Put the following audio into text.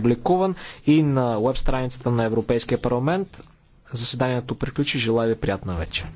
публикуван и на веб страницата на Европейския парламент. Заседанието приключи. Желая ви приятна вечер.